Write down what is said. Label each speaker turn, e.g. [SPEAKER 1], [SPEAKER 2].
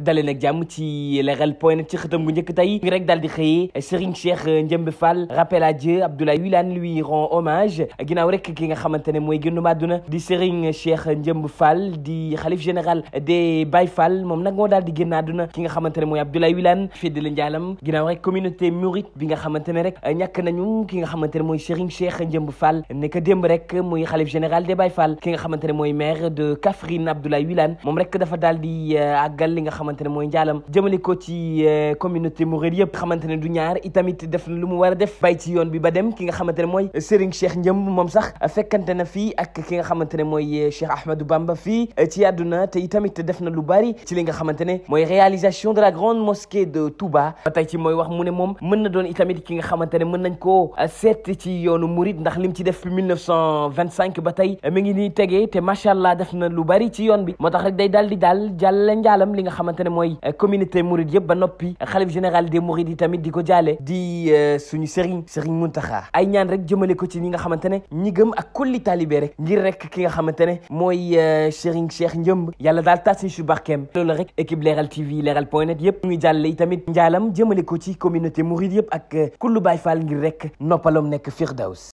[SPEAKER 1] dalee nag jàmm ci leral point net ci xëtam gu njëkk tey rek daal di xëyee Serigne Cheikh Ndiémbe Fall rappel à Dieu Abdoulaye Wilane lui rend hommage ginnaaw rek ki nga xamante ne mooy génn àdduna di Serigne Cheikh Ndiémbe Fall di xalif général des Baye Fall moom nag moo daal di génn àdduna ki nga xamante ne mooy Abdoulaye Wilane feddale njaalam ginnaaw rek communauté mouride bi nga xamante ne rek na nañu ki nga xamante ne mooy Serigne Cheikh Ndiémbe Fall nekk démb rek muy xalif général de bay fal ki nga xamante ne mooy maire de Kaffrine Abdoulaye Wilane moom rek dafa daal di euh, àggal xamante ne mooy njaalam jëmale ko ci euh, communauté mouride def na lu mu war def bàyyi ci bi ba dem ki nga xamante ne mooy Serigne Cheikh Njëmb moom sax fekkante na fii ak ki nga xamante ne mooy euh, Cheikh euh, li nga xamante ne mooy réalisation de la grande mosquée de Touba ba tey mooy wax mu ne moom mën na doon itamit ki nga xamante ne mën nañ koo seet ci ndax lim ci na lu ci yoon bi moo tax rek day daal di daal jàll njaalam li nga xamante xamante ne mooy euh, communauté mouride yëpp ba noppi xalif général des mourides yi tamit di ko jaale di euh, suñu Serigne Serigne Mountakha ay ñaan rek jëmale ko ci ñi nga xamante ne ñi gëm ak kulli taalibe rek ngir rek ki nga xamante ne mooy euh, Serigne Cheikh Njëmb yàlla daal taas ñu si barkeem loolu rek équipe Leral TV Leral point net yëpp ñuy jàlle yi tamit njaalam ko ci communauté mouride yëpp ak kullu Baye Fall ngir rek noppalom nekk Firdaws